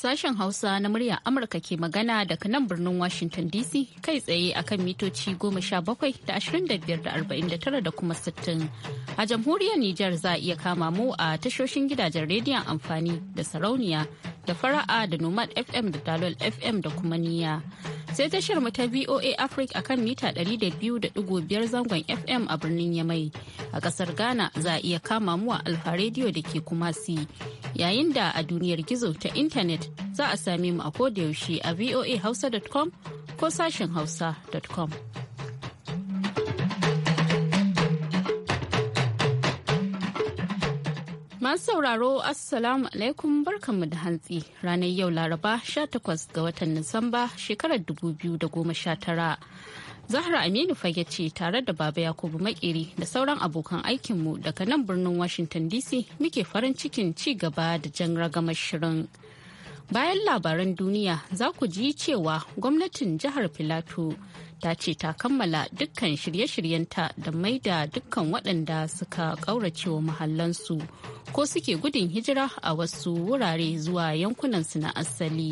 Sashen Hausa na murya Amurka ke magana daga nan birnin Washington DC kai tsaye a kan mitoci goma sha bakwai da ashirin da biyar da kuma sittin. A jamhuriyar Nijar za a iya kama mu a tashoshin gidajen rediyon amfani da sarauniya da fara'a da Nomad FM da Dalol FM da kuma niya. sai tashar mu ta VOA Africa akan mita 200.5 zangon FM a birnin Yamai. A kasar Ghana za a iya kama mu a Alfa Radio da ke Kumasi. Yayin da a duniyar gizo ta intanet za a same mu a kodayaushe a voahausa.com ko sashen hausa.com. Masu sauraro Assalamu alaikum barkanmu da hantsi ranar yau Laraba 18 ga watan nisamba shekarar 2019. Zahra Aminu fage ce tare da Baba Yakubu Makiri da sauran abokan aikinmu daga nan birnin Washington DC muke farin cikin ci gaba da jan ragamar shirin. Bayan labaran duniya za ku ji cewa gwamnatin jihar Filato ta ce ta kammala dukkan shirye-shiryenta da maida dukkan waɗanda suka ƙauracewa mahallansu ko suke gudun hijira a wasu wurare zuwa yankunansu na asali.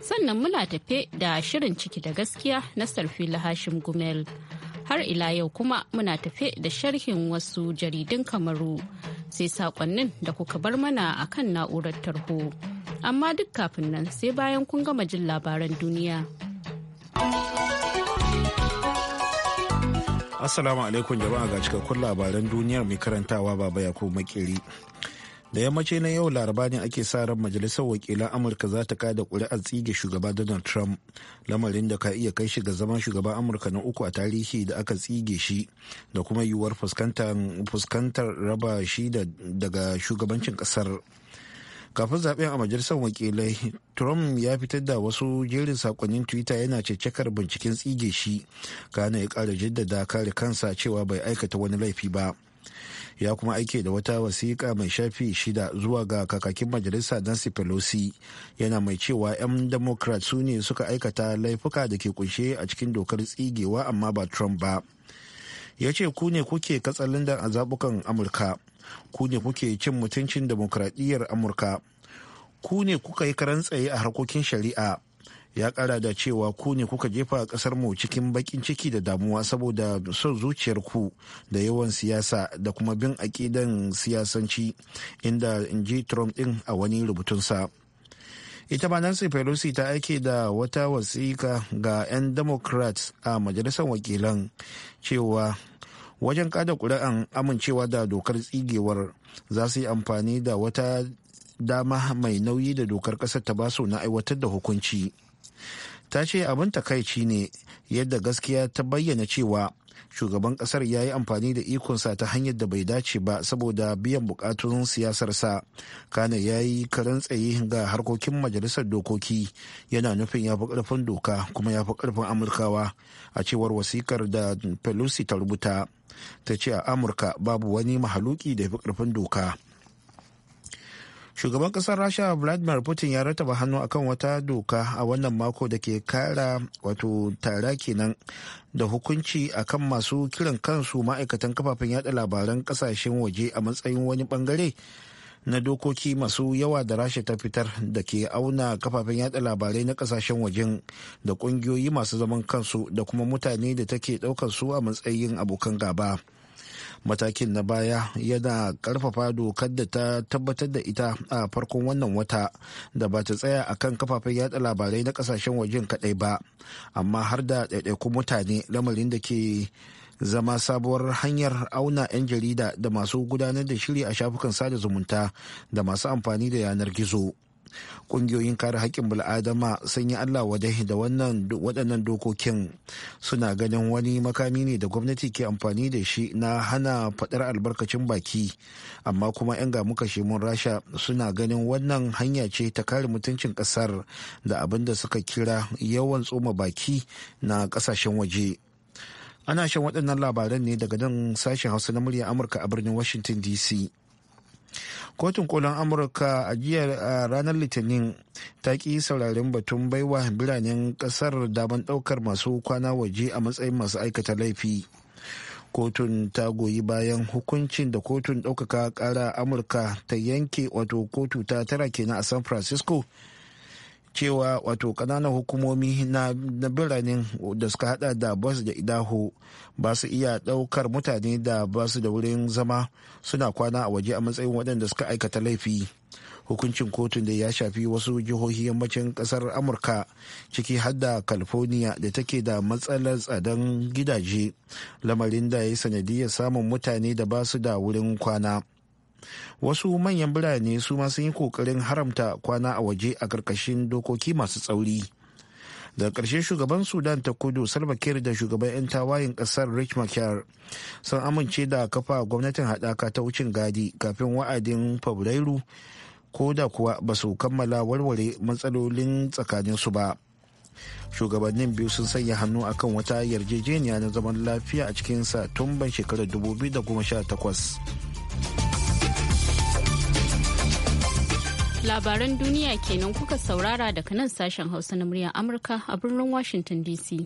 Sannan muna tafe da shirin ciki da gaskiya na Sarfila Hashim Gumel. Har ila yau kuma muna tafe da sharhin wasu jaridun Kamaru sai saƙonnin da kuka bar mana a kan na'urar tarho. amma duk kafin nan sai bayan kun gama jin labaran duniya. Assalamu alaikum jama'a ga cikakkun labaran duniyar mai karantawa baba ya ko makiri. Da yammaci na yau laraba ne ake sa ran majalisar wakilan Amurka za ta kada ƙuri'ar tsige shugaba Donald Trump lamarin da ka iya kai shi ga zama shugaban Amurka na uku a tarihi da aka tsige shi da kuma yiwuwar fuskantar raba shi daga shugabancin kasar. kafin zaben a majalisar wakilai trump ya fitar da wasu jerin sakonnin twitter yana cecekar binciken tsige shi gane ya kara jaddada kare kansa cewa bai aikata wani laifi ba ya kuma aike da wata wasiƙa mai shafi shida zuwa ga kakakin majalisa nancy pelosi yana mai cewa 'yan democrat su ne suka aikata laifuka da ke kunshe a cikin dokar tsigewa amma ba trump ba ya ce ku ne kuke katsalin da a zabukan amurka ku ne kuke cin mutuncin demokradiyyar amurka ku ne kuka yi karan tsaye a harkokin shari'a ya kara da cewa ku ne kuka jefa kasar mu cikin bakin ciki da damuwa saboda son zuciyar ku da yawan siyasa da kuma bin aƙidan siyasanci inda inji trump din a wani rubutunsa ita ma nancy pelosi ta aike da wata wasiƙa ga 'yan democrats a majalisar wakilan cewa wajen kada kuri'an amincewa da dokar tsigewar za su yi amfani da wata dama mai nauyi da dokar ƙasar ta basu na aiwatar da hukunci ta ce abin takaici ne yadda gaskiya ta bayyana cewa shugaban kasar ya yi amfani da ikonsa ta hanyar da bai dace ba saboda biyan bukatun siyasarsa kana ya yi karin tsaye ga harkokin majalisar dokoki yana nufin ya fi karfin doka kuma ya fi karfin amurkawa a cewar wasikar da pelosi ta rubuta ta ce a amurka babu wani mahaluki da ya fi karfin doka shugaban kasar rasha vladimir putin ya rataba hannu akan wata doka a wannan mako da ke kara wato tara kenan da hukunci akan masu kiran kansu ma'aikatan kafafen yada labaran kasashen waje a matsayin wani bangare na dokoki masu yawa da rasha ta fitar da ke auna kafafen yada labarai na kasashen wajen da kungiyoyi masu zaman kansu da kuma mutane da take daukar su a matsayin abokan gaba. matakin na baya yana karfafa dokar da ta tabbatar da ita a farkon wannan wata da ba ta tsaya a kan kafafen yada labarai na kasashen wajen kadai ba amma har da ɗaiɗaikun mutane lamarin da ke zama sabuwar hanyar auna 'yan jarida da masu gudanar da shiri a shafukan sada zumunta da masu amfani da yanar gizo ƙungiyoyin kare haƙƙin bul'adama sun yi allah wadai da waɗannan dokokin suna ganin wani makami ne da gwamnati ke amfani da shi na hana faɗar albarkacin baki amma kuma 'yan muka mun rasha suna ganin wannan hanya ce ta kare mutuncin ƙasar da abin da suka kira yawan tsoma baki na ƙasashen waje ana shan waɗannan labaran ne daga nan sashen hausa na murya amurka a birnin washington dc kotun kolin amurka a jiya ranar litinin ta ki sauraren batun baiwa biranen kasar daban daukar masu kwana waje a matsayin masu aikata laifi kotun ta goyi bayan hukuncin da kotun ɗaukaka ƙara amurka ta yanke wato kotu ta tara kenan a san francisco cewa wato kananan hukumomi na biranen da suka hada da bas da idaho ba su iya daukar mutane da ba su da wurin zama suna kwana a waje a matsayin waɗanda suka aikata laifi hukuncin kotun da ya shafi wasu jihohi yammacin kasar amurka ciki har da california da take da matsalar tsadan gidaje lamarin da ya yi sanadiyar samun mutane da ba su da wurin kwana wasu manyan birane su ma sun yi kokarin haramta kwana a waje a ƙarƙashin dokoki masu tsauri daga ƙarshe shugaban sudan ta kudu salva kiir da shugaban 'yan tawayin ƙasar rich machar sun amince da kafa gwamnatin haɗaka ta wucin gadi kafin wa'adin fabrairu ko da kuwa ba su kammala warware matsalolin tsakaninsu ba shugabannin biyu sun sanya hannu akan wata yarjejeniya na zaman lafiya a cikin ban shekarar 2018 Labaran duniya kenan kuka saurara daga nan sashen Hausa na muryar Amurka a birnin Washington DC.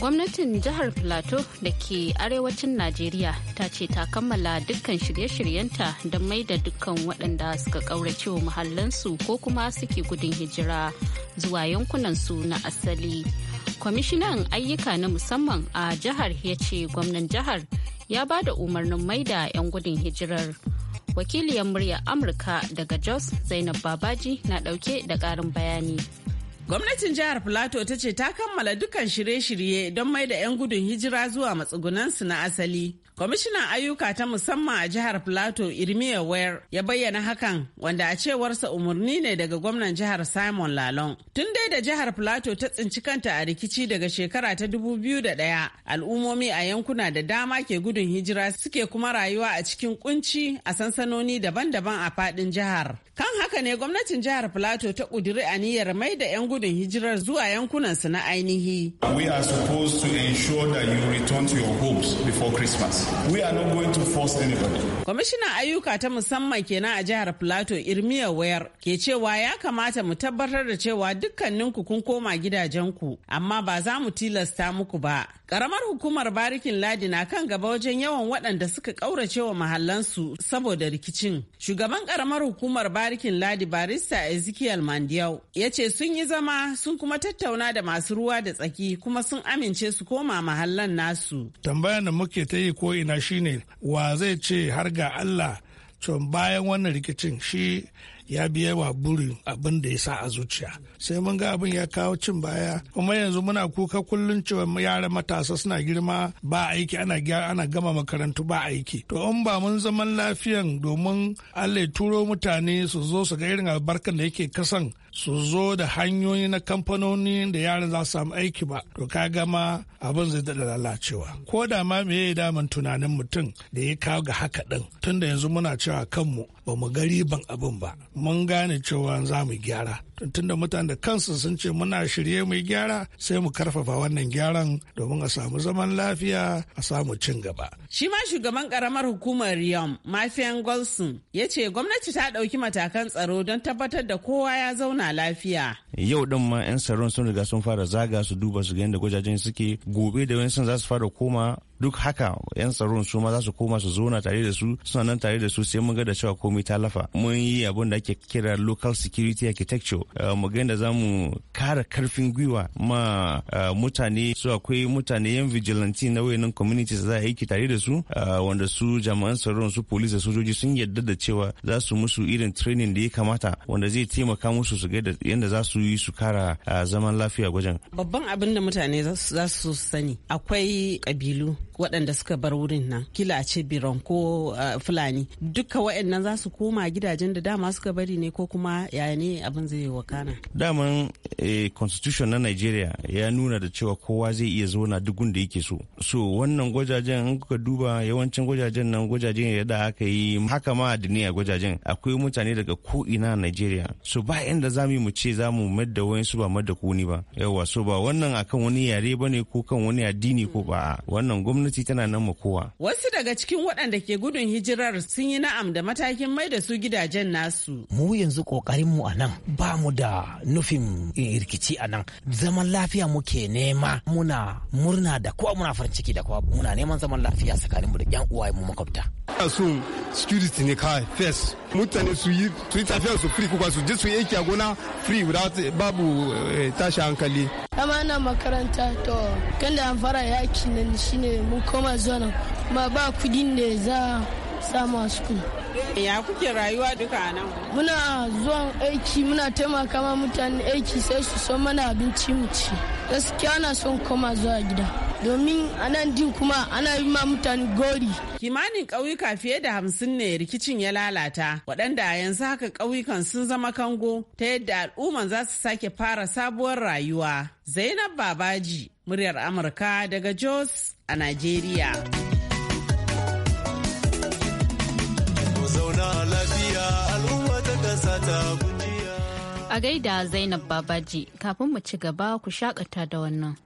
Gwamnatin jihar Plateau da ke arewacin Najeriya ta ce ta kammala dukkan shirye-shiryenta don mai da dukkan waɗanda suka ƙaurace muhallansu ko kuma suke gudun hijira zuwa yankunansu na asali. kwamishinan ayyuka na musamman a jihar ya ce gwamnan jihar ya ba da umarnin mai da 'yan gudun hijirar wakiliyar murya amurka daga jos zainab babaji na dauke da karin bayani Gwamnatin jihar Filato ta ce ta kammala dukkan shirye-shirye don mai da 'yan gudun hijira zuwa matsugunansu na asali. Kwamishinan ayyuka ta musamman a jihar Plateau Irmiya Ware ya bayyana hakan wanda a cewarsa umarni ne daga gwamnan jihar Simon Lalong. Tun dai da jihar Plateau ta tsinci kanta a rikici daga shekara ta 2001 al'ummomi a yankuna da dama ke gudun hijira suke kuma rayuwa a cikin kunci a sansanoni daban-daban a fadin jihar. Kan haka ne gwamnatin jihar Plateau ta ƙudiri aniyar mai da 'yan gudun hijirar zuwa yankunansu na ainihi. We are supposed to ensure that you return to your homes before Christmas. We are not going to force anybody. Kwamishinan ayyuka ta musamman kenan a jihar Plateau Irmiya Wayar ke cewa ya kamata mu tabbatar da cewa dukkaninku kun koma gidajenku amma ba za mu tilasta muku ba. Karamar hukumar barikin ladi na kan gaba wajen yawan waɗanda suka ƙaurace wa mahallansu saboda rikicin. Shugaban karamar hukumar barikin ladi barista Ezekiel Mandiyau ya ce sun yi zama sun kuma tattauna da masu ruwa da tsaki kuma sun amince su koma mahallan nasu. tambayar da muke ta yi ko ko'ina shine wa zai ce har ga allah cewa bayan wannan rikicin shi ya biya wa burin abin da ya sa a zuciya sai mun ga abin ya kawo cin baya kuma yanzu muna kuka kullum cewa yara matasa suna girma ba aiki ana ana gama makarantu ba aiki to in ba mun zaman lafiyan domin allah turo mutane su zo su ga irin albarkan da yake kasan su zo da hanyoyi na kamfanoni da yaran za su samu aiki ba to ka gama abin zai da lalacewa ko da ma me ya damun tunanin mutum da ya kawo ga haka din tunda yanzu muna cewa kanmu ba mu ga riban abin ba mun gane cewa za mu gyara tunda mutane da kansu sun ce muna shirye mu gyara sai mu karfafa wannan gyaran domin a samu zaman lafiya a samu cin gaba. Shi ma shugaban karamar hukumar Riyam, Mafian Golson, ya ce gwamnati ta ɗauki matakan tsaro don tabbatar da kowa ya zauna zauna lafiya. Yau din ma 'yan tsaron sun riga sun fara zaga su duba su ga yadda gwajajen suke gobe da wani sun za su fara koma duk haka yan tsaron su ma za su koma su zauna tare da su suna nan tare da su sai mun ga da cewa komai ta lafa mun yi abin da ake kira local security architecture eh, mu ga yadda za mu kara karfin gwiwa ma eh, mutane su akwai mutane yan vigilante na wayannan communities za a aiki tare da su eh, wanda su jami'an tsaron su police da sojoji sun yarda da cewa za su musu irin training da ya kamata wanda zai taimaka musu su ga yadda za su yi su kara zaman lafiya gwajin babban abin da mutane za su sani akwai kabilu waɗanda suka bar wurin nan kila a ce biron ko uh, fulani duka waɗannan za su koma gidajen da dama suka bari ne ko kuma yaya ne abin zai wakana daman eh, constitution na nigeria ya nuna da cewa kowa zai iya zauna duk da yake so so wannan gwajajen in kuka duba yawancin gwajajen nan gwajajen ya da aka yi haka ma da a gwajajen akwai mutane daga ko ina nigeria so ba inda za mu ce za mu madda wayansu ba madda kuni ba yawa so ba wannan akan wani yare bane ko kan wani addini ko ba wannan gwamnati gwamnati tana nan ma kowa. Wasu daga cikin waɗanda ke gudun hijirar sun yi na'am da matakin mai da su gidajen nasu. Mu yanzu ƙoƙarin mu a nan ba mu da nufin rikici a nan zaman lafiya muke nema muna murna da kowa muna farin ciki da kowa muna neman zaman lafiya tsakanin mu da ƴan uwaye mu makwabta. so security ne kawai first mutane su yi su yi tafiya su free kuka su je su yi a gona free without eh, babu eh, tashi hankali. Amma na makaranta to kan da an fara yaki nan shine mu mu koma zuwa nan ma ba kudin da za samu a school ya kuke rayuwa duka nan muna zuwan aiki muna taimaka ma mutane aiki sai su son mana abinci mu ci gaskiya na son koma zuwa gida domin anan din kuma ana yi ma mutane gori kimanin ƙauyuka fiye da hamsin ne rikicin ya lalata waɗanda a yanzu haka ƙauyukan sun zama kango ta yadda al'umma za su sake fara sabuwar rayuwa zainab babaji muryar Amurka daga Jos a Najeriya. A gaida Zainab Babaji, kafin mu ci gaba ku shaƙata da wannan.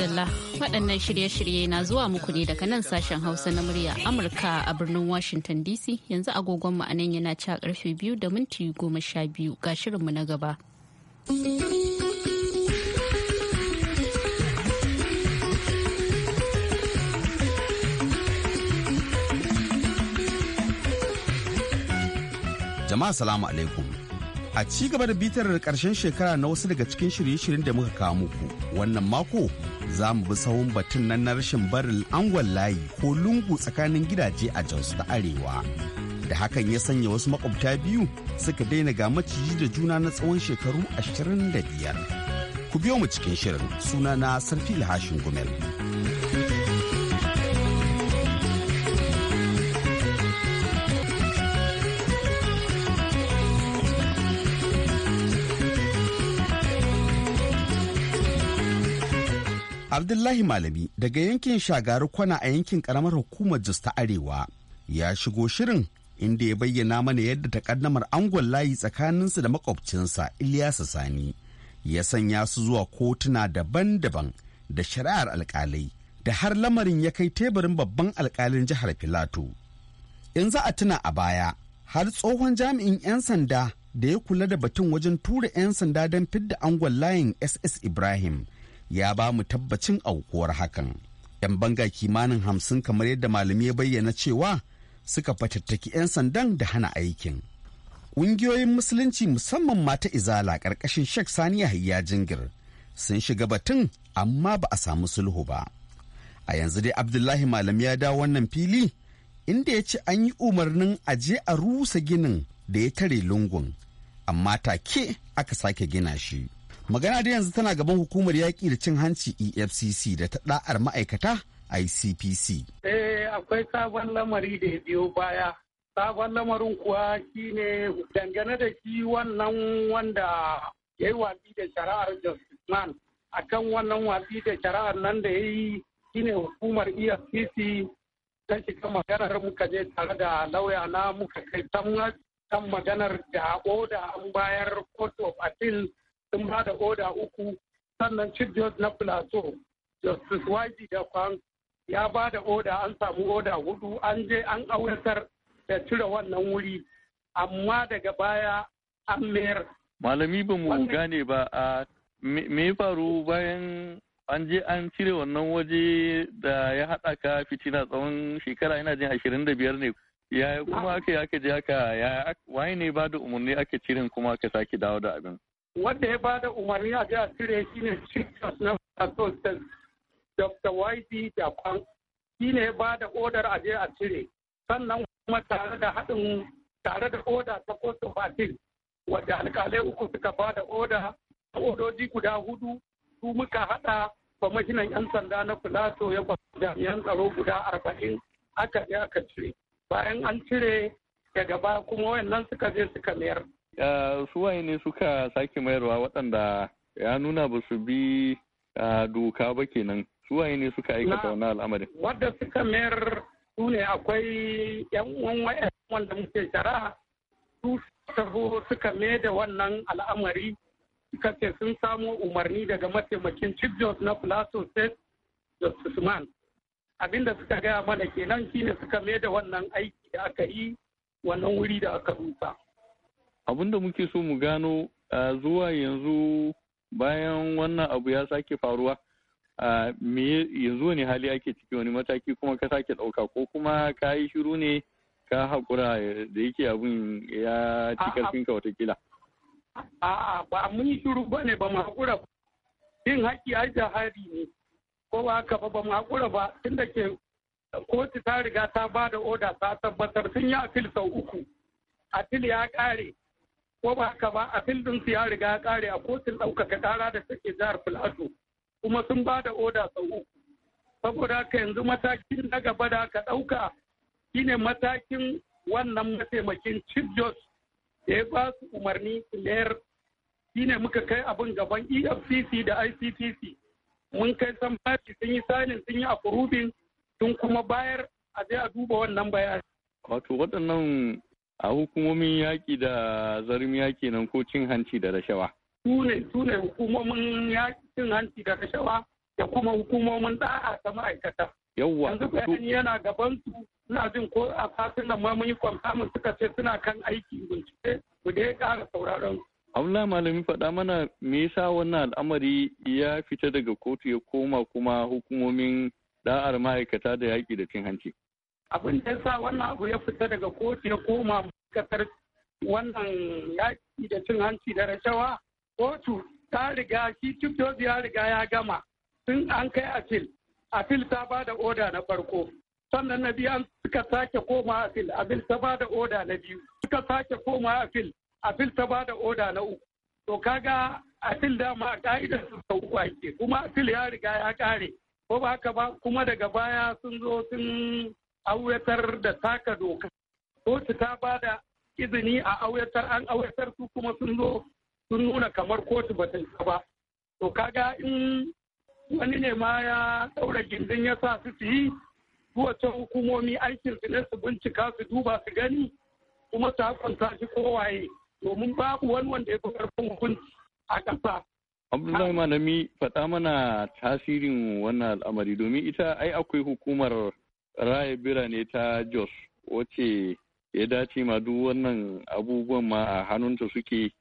madalla waɗannan shirye-shirye na zuwa muku ne daga nan sashen hausa na murya amurka a birnin washington dc yanzu agogon a nan yana ca karfe biyu da minti goma sha biyu ga shirinmu na gaba jama'a salamu alaikum A ci gaba da bitar karshen shekara na wasu daga cikin shirye-shiryen da muka kawo muku wannan mako za mu bi sahun batun nan na rashin barin angon layi ko lungu tsakanin gidaje a Jos da Arewa. Da hakan ya sanya wasu makwabta biyu suka daina ga maciji da juna na tsawon shekaru ashirin da biyar. Ku biyo mu cikin shirin suna na Sarfi Hashin Gumel. Abdullahi Malami daga yankin Shagaru Kwana a yankin karamar hukumar Jos ta Arewa ya shigo shirin inda ya bayyana mana yadda takaddamar angon layi tsakaninsa da makwabcinsa Ilyasa Sani ya sanya su zuwa kotuna daban-daban da shari'ar alkalai da har lamarin ya kai teburin babban alkalin jihar Filato. In za a tuna a baya, har tsohon jami'in 'yan sanda da ya kula da batun wajen tura 'yan sanda don fidda angon layin SS Ibrahim ya ba mu tabbacin aukuwar hakan. 'Yan banga kimanin hamsin kamar yadda malami ya bayyana cewa suka fatattaki 'yan sandan da hana aikin. Ƙungiyoyin Musulunci musamman mata Izala ƙarƙashin Sheikh Sani Yahya Jingir sun shiga batun amma ba a samu sulhu ba. A yanzu dai Abdullahi Malami ya dawo wannan fili inda ya ce an yi umarnin a je a rusa ginin da ya tare lungun, amma take aka sake gina shi. magana da yanzu tana gaban hukumar yaƙi da cin hanci efcc da ta ɗa'ar ma'aikata icpc eh akwai sabon lamari da ya biyo baya sabon lamarin kuwa shine dangane da shi wannan wanda ya yi watsi da shari'ar jasman a kan wannan watsi da shari'ar nan da ya yi shine hukumar efcc ta shiga maganar muka je tare da lauya na muka kai kan maganar da oda an bayar court of appeal sun ba da oda uku sannan chief judge na plateau justice yg da kwan ya ba da oda an samu oda hudu an je an auratar da cire wannan wuri amma daga baya an mayar malami ba mu gane ba a me faru bayan an je an cire wannan waje da ya haɗa ka fitina tsawon shekara ina jin ashirin da biyar ne yaya kuma aka yi aka je aka ya waye ne ba da umarni aka cirin kuma aka sake dawo da abin wanda ya ba da umarni a jihar cire shi ne jesus na fasosin dr yb japan shi ne ya ba da odar a je a cire sannan kuma tare da haɗin tare da oda ta kotu fatin wadda alkalai uku suka ba da oda odoji guda hudu su muka haɗa kwamishinan 'yan sanda na filato ya ba jami'an tsaro guda arba'in aka je aka cire bayan an cire daga baya kuma wayannan suka je suka mayar su waye ne suka sake mayarwa waɗanda ya nuna ba su bi doka ba kenan su waye ne suka aikata wannan al'amarin wadda suka mayar su ne akwai yan uwan wayan wanda muke shara su taho suka mayar da wannan al'amari suka ce sun samo umarni daga mataimakin chief judge na plateau state justice man abinda suka gaya mana kenan shine suka mayar da wannan aiki da aka yi wannan wuri da aka rusa abin da muke so mu gano zuwa yanzu bayan wannan abu ya sake faruwa me yanzu wani hali ake ciki wani mataki kuma ka sake ɗauka ko kuma ka yi shiru ne ka haƙura da yake abin ya ci karfinka watakila. A'a ba mun yi shiru ba ne ba mu haƙura yin haƙi a da hari ne ko ba haka ba ba mu haƙura ba tunda ke kotu ta riga ta ba da oda ta tabbatar sun yi afil sau uku afil ya ƙare ko ba haka ba a filin su ya riga ya kare a kotun ɗaukaka ƙara da take jihar Filato kuma sun ba da oda sau uku saboda haka yanzu matakin na gaba da aka ɗauka shine matakin wannan mataimakin chief judge da ya ba su umarni su shine muka kai abin gaban efcc da ictc mun kai san bashi sun yi sanin sun yi afurubin sun kuma bayar a je a duba wannan bayani wato waɗannan a hukumomin yaƙi da zarim yaƙi nan ko cin hanci da rashawa. Sune ne hukumomin cin hanci da rashawa da kuma hukumomin ɗa'a ta ma'aikata. Yawwa. Yanzu bayani yana gaban su suna jin ko a satin nan ma mun yi kwamfamin suka ce suna kan aiki bincike ku dai ƙara sauraron Abla malami faɗa mana me yasa wannan al'amari ya fita daga kotu ya koma kuma hukumomin ɗa'ar ma'aikata da yaƙi da cin hanci. abin da ya sa wannan abu ya fita daga kotu ya koma kasar wannan yaki da cin hanci da rashawa kotu ta riga shi ciftozi ya riga ya gama tun an kai afil afil ta ba da oda na farko sannan na biyu suka sake koma afil afil ta ba da oda na biyu suka sake koma afil afil ta ba da oda na uku to kaga afil dama ka'idar su ta uku ake kuma afil ya riga ya kare ko ba haka ba kuma daga baya sun zo sun auyatar da taka doka kotu ta ba da izini a auyatar an auyatar su kuma sun zo sun nuna kamar kotu ba ta isa ba to kaga in wani ne ma ya daura gindin ya sa su yi su hukumomi aikin su ne su bincika su duba su gani kuma su hakunta shi kowaye domin babu wani wanda ya fi karfin hukunci a ƙasa Abdullahi Malami faɗa mana tasirin wannan al'amari domin ita ai akwai hukumar raya birane ta jos wace ya dace ma duk wannan abubuwan ma a hannunta suke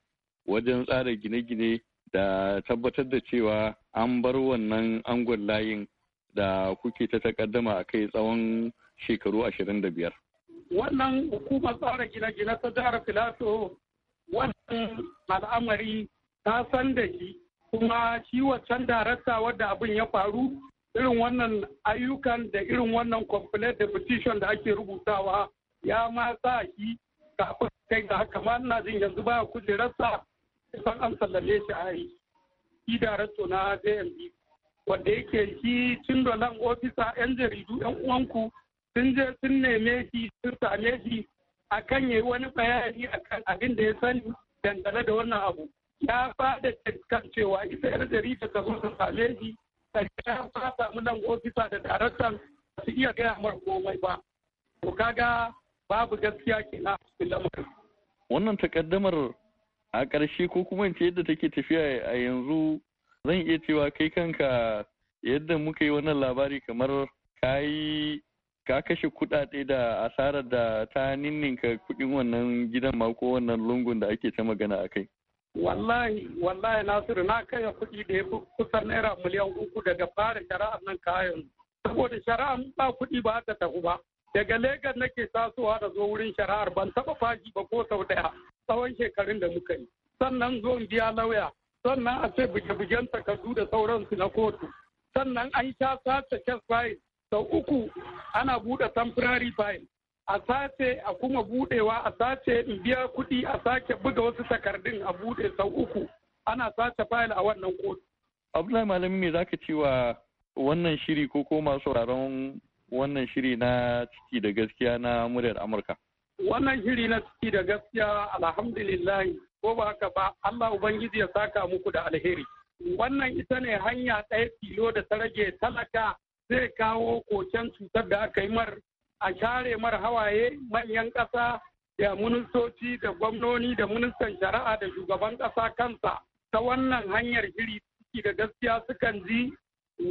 wajen tsara gine-gine da tabbatar da cewa an bar wannan angon layin da kuke ta takaddama a kai tsawon shekaru 25. Wannan hukumar tsara gine-gine ta jihar Filato wannan al'amari ta san da shi kuma shi can darakta wadda abin ya faru irin wannan ayyukan da irin wannan complete da petition da ake rubutawa ya ma sa shi kafin kai ga haka ma ina jin yanzu baya kujerarsa kusan an sallame shi a yi shi darakto na jmb wanda yake shi tun da nan ofisa yan jaridu yan uwanku sun je sun neme shi sun same shi akan yayi wani bayani a kan abin da ya sani dangane da wannan abu ya fada cewa ita yar jarida ta zo ta same shi daga ya samu nan ofisa da daraktan su iya gaya mar komai ba to kaga babu gaskiya ke lamarin wannan takaddamar a ƙarshe ko kuma in ce yadda take tafiya a yanzu zan iya cewa kai kanka yadda muka yi wannan labari kamar ka yi ka kashe kuɗaɗe da asarar da ta ninninka kuɗin wannan gidan ma wannan lungun da ake ta magana a kai wallahi wallahi nasiru na kai kuɗi da ya kusan naira miliyan uku daga fara shari'ar nan kayan saboda shari'ar ba kuɗi ba ta tafi ba daga Legas nake tasowa da zo wurin shari'ar ban taba fashi ba ko sau ɗaya tsawon shekarun da muka yi sannan zo in biya lauya sannan a ce buge-bugen takardu da sauransu na kotu sannan an sha sace kes file sau uku ana buɗe temporary file a sace a kuma budewa a sace in biya kuɗi a sake buga wasu takardun a bude sau uku ana sace fayil a wannan kotu. Abdullahi Malami me zaka ce wa wannan shiri ko ko masu sauraron wannan shiri na ciki da gaskiya na muryar Amurka? Wannan shiri na ciki da gaskiya alhamdulillah ko ba haka ba Allah Ubangiji ya saka muku da alheri. Wannan ita ne hanya ɗaya tilo da ta rage talaka zai kawo koken cutar da aka yi mar a share mara hawaye manyan ƙasa da ministoci da gwamnoni da ministan shari'a da shugaban ƙasa kansa ta wannan hanyar shiri ciki da gaskiya sukan ji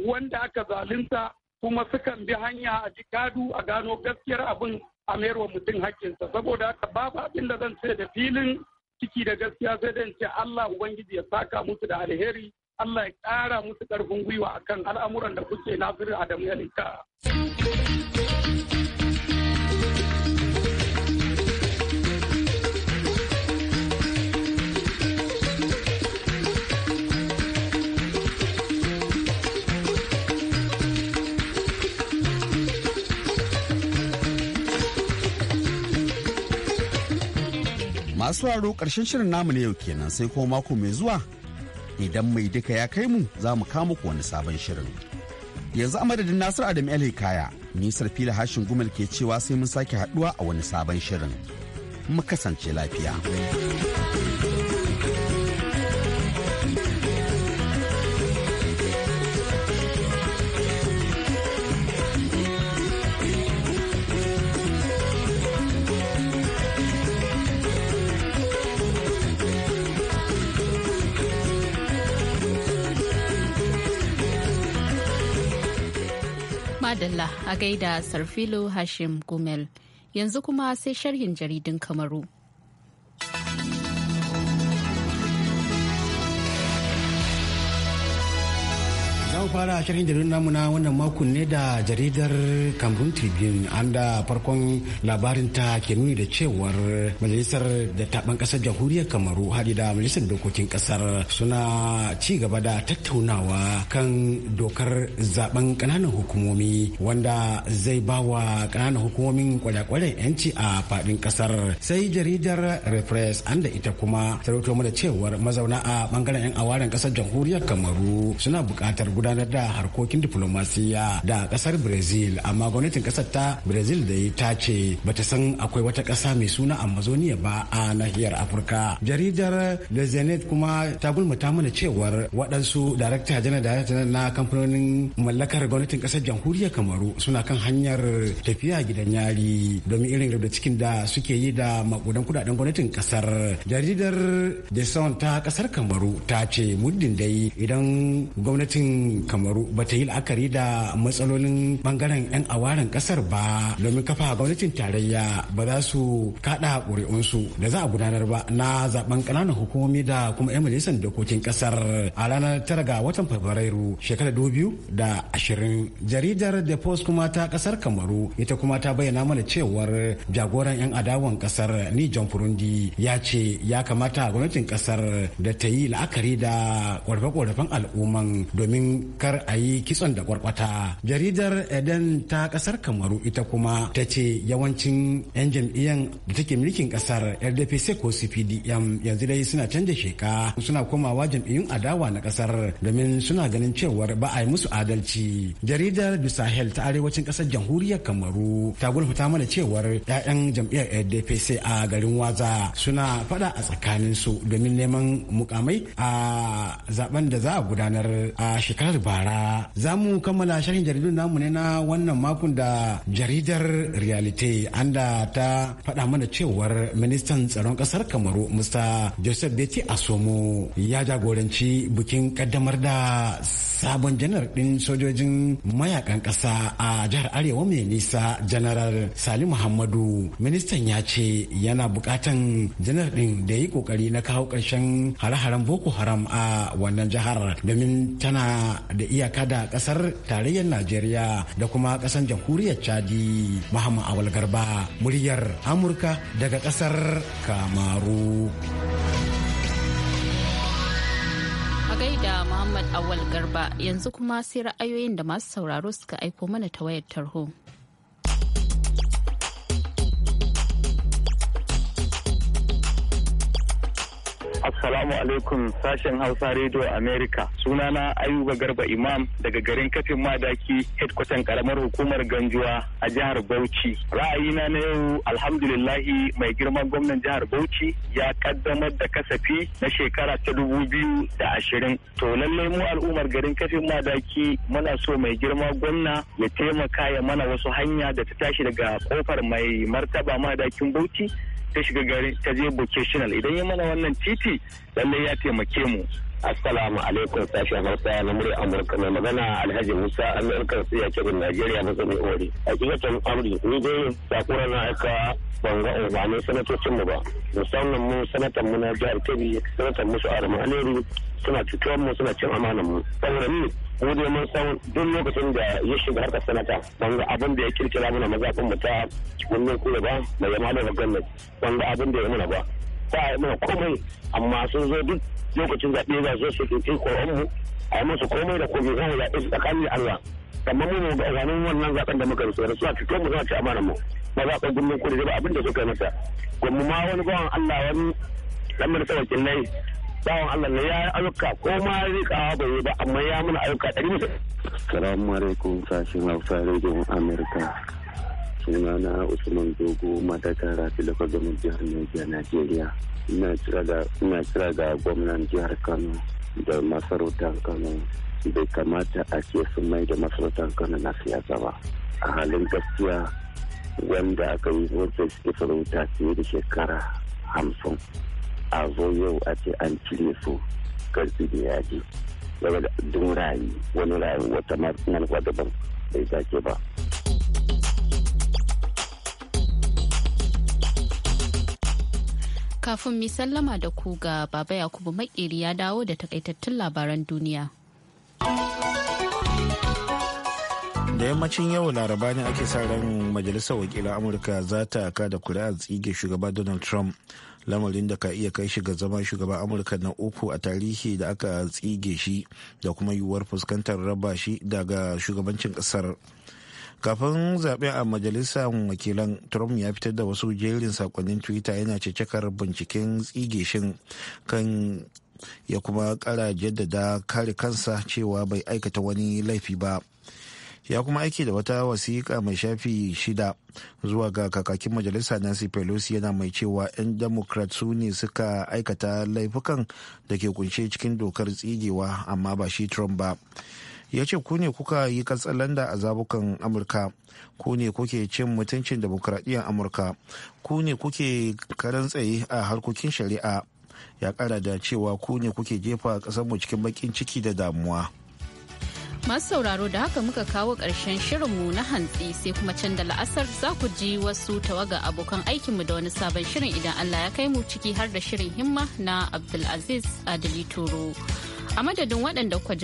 wanda aka zalunta kuma sukan bi hanya a jikadu a gano gaskiyar abin a mayarwa mutum hakkinsa saboda haka babu abin da zan ce da filin ciki da gaskiya sai dan ce Allah ubangiji ya saka musu da alheri Allah ya ƙara musu ƙarfin gwiwa akan al'amuran da kuke nasiru Adamu ya masu sauraro ƙarshen shirin namu ne yau kenan sai kuma mako mai zuwa idan mai duka ya kai mu za mu kama ku wani sabon shirin. Yanzu a madadin Nasir Adam El Hikaya, nisar fila hashin gumal ke cewa sai mun sake haduwa a wani sabon shirin. Mu kasance lafiya. Madalla a gaida Sarfilo Hashim Gumel. Yanzu kuma sai sharhin jaridun Kamaru. za fara shirin jaridar namu na wannan makon ne da jaridar Cameroon Tribune an da farkon labarin ta ke nuni da cewar majalisar da taɓan ƙasar jamhuriyar Kamaru haɗi da majalisar dokokin ƙasar suna ci gaba da tattaunawa kan dokar zaben ƙananan hukumomi wanda zai ba wa ƙananan hukumomin kwale-kwalen yanci a faɗin ƙasar sai jaridar refresh an da ita kuma ta da cewar mazauna a ɓangaren 'yan awaren ƙasar jamhuriyar Kamaru suna buƙatar gudanar gudanar da harkokin diplomasiya da kasar brazil amma gwamnatin kasar ta brazil da ta ce ba ta san akwai wata kasa mai suna amazonia ba a nahiyar afirka jaridar le zenith kuma ta gulmata mana cewar waɗansu darakta janar da na kamfanonin mallakar gwamnatin kasar jamhuriyar kamaru suna kan hanyar tafiya gidan yari domin irin rubda cikin da suke yi da makudan kudaden gwamnatin kasar jaridar da ta kasar kamaru ta ce muddin dai idan gwamnatin kamaru ba ta yi la'akari da matsalolin bangaren 'yan awaren kasar ba domin kafa gwamnatin tarayya ba za su kada ƙuri'unsu da za a gudanar ba na zaben ƙananan hukumomi da kuma 'yan majalisar dokokin kasar a ranar tara ga watan fabrairu shekarar dubu biyu da ashirin jaridar the post kuma ta kasar kamaru ita kuma ta bayyana mana cewar jagoran 'yan adawan kasar ni john furundi ya ce ya kamata gwamnatin kasar da ta yi la'akari da ƙwarfe-ƙwarfen al'umman domin kar a yi kitson da kwarkwata jaridar eden ta kasar kamaru ita kuma ta ce yawancin 'yan jam'iyyan da take mulkin kasar rdpc ko cpdm yanzu dai suna canja sheka suna komawa jam'iyyun adawa na kasar domin suna ganin cewar ba a yi musu adalci jaridar du ta arewacin kasar jamhuriyar kamaru ta gulfuta mana cewar 'ya'yan jam'iyyar rdpc a garin waza suna fada a tsakanin su domin neman mukamai a zaben da za a gudanar a shekarar bara. Za mu kammala sharhin jaridun namu ne na wannan makon da jaridar Realite anda ta faɗa mana cewar ministan tsaron ƙasar Kamaru Mr. Joseph Beti Asomo ya jagoranci bikin ƙaddamar da sabon janar ɗin sojojin mayakan ƙasa a jihar Arewa mai nisa janaral Salim Muhammadu. Ministan ya ce yana buƙatan janar ɗin da ya yi ƙoƙari na kawo ƙarshen hare-haren Boko Haram a wannan jihar domin tana da iyaka da kasar tarayyar najeriya da kuma kasan jamhuriyar chadi muhammad awal garba muryar amurka daga kasar kamaru a gaida muhammad awal garba yanzu kuma sai ra'ayoyin da masu sauraro suka aiko mana ta wayar tarho Assalamu alaikum sashen Hausa Radio America. Sunana Ayuba Garba Imam daga garin Kafin Madaki, hedkwatan karamar hukumar Ganjuwa a jihar Bauchi. Ra'ayina na yau alhamdulillahi mai girman gwamnan jihar Bauchi ya kaddamar da kasafi na shekara ta dubu biyu da ashirin. To lallai mu al'ummar garin Kafin Madaki muna so mai girma gwamna ya taimaka ya mana wasu hanya da ta tashi daga kofar mai martaba Madakin Bauchi ta shiga gari ta je vocational idan ya mana wannan titi lallai ya taimake mu Assalamu alaikum sashen Hausa na murya Amurka mai magana Alhaji Musa Amurkan siya ya kirin Najeriya a ori. Hakikatan amri ni dai takura na aika ban ga umarni sanatocin mu ba. Musamman mu sanatan mu na jihar Kebbi sanatan mu su Adamu suna cutuwar mu suna cin amanan mu. Saboda ni mu dai mun san duk lokacin da ya shiga harkar sanata ban ga abin da ya kirkira mana mazaɓin mu ta wannan kura ba mai yamma da gwamnati ban ga abin da ya mana ba. ba a yi mana komai amma sun zo duk lokacin zaɓe za su su koron mu a yi musu komai da komai za mu zaɓe su tsakanin Allah amma mu mu ga wannan zaɓen da muka rusa da su a cikin mu za ci amana mu ba za ka gudun kudu ba abin da suka masa gwamnu ma wani bawan Allah wani ɗan marasa wakilai bawan Allah ne ya yi ayyuka ko ma rikawa bai yi ba amma ya mana ayyuka ɗari mutum. Salamu alaikum sashen Hausa Rediyon Amerika. suna na usman dogo matakan rafi lokacin jihar niger nigeria ina kira ga gwamnan jihar kano da masarautar kano bai kamata a ce sun mai da masarautar kano na siyasa ba a halin gaskiya wanda aka yi wanda suke sarauta fiye da shekara hamsin a zo yau a ce an cire su karfi da yaji daga dun wani rayu wata martinar daban bai zake ba Kafin mi sallama da ku ga Baba Yakubu Makeri ya dawo da takaitattun labaran duniya. da yammacin yau laraba ne ake sa ran majalisar wakilan amurka za ta kada kuri'a tsige shugaba donald trump lamarin da ka iya kai shi ga zama shugaban amurka na uku a tarihi da aka tsige shi da kuma yiwuwar fuskantar raba shi daga shugabancin kasar. kafin zaɓen a majalisar wakilan trump ya fitar da wasu jerin sakonnin twitter yana cecekar binciken tsige kan ya kuma kara jaddada kare kansa cewa bai aikata wani laifi ba ya kuma aiki da wata wasiƙa mai shafi shida zuwa ga kakakin majalisa nancy pelosi yana mai cewa 'yan democrat su ne suka aikata laifukan da ke kunshe cikin dokar tsigewa amma ba shi trump ba ya ce ku ne kuka yi katsalanda a zabukan amurka ku ne kuke cin mutuncin demokuraɗiyyar amurka ku ne kuke karan tsaye a harkokin shari'a ya kara da cewa ku ne kuke jefa mu cikin bakin ciki da damuwa masu sauraro da haka muka kawo ƙarshen shirinmu na hantsi sai kuma can da la'asar za ku ji wasu tawaga abokan aikinmu da wani sabon shirin idan allah ya kai mu ciki har da shirin himma na abdulaziz adili a madadin waɗanda kwa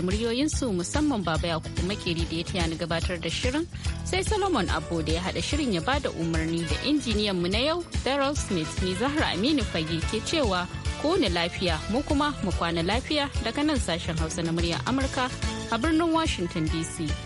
su musamman baba ya kuma makeri da ya taya ni gabatar da shirin sai solomon abu da ya haɗa shirin ya bada umarni da injiniyan mu na yau daryl smith ne zahra aminu fage ke cewa ko ni lafiya mu kuma mu kwana lafiya daga nan sashen hausa na muryar amurka a birnin washington dc